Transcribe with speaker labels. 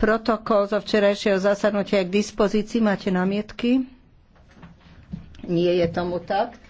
Speaker 1: Protokol zo včerajšieho zasadnutia je k dispozícii. Máte námietky? Nie je tomu tak.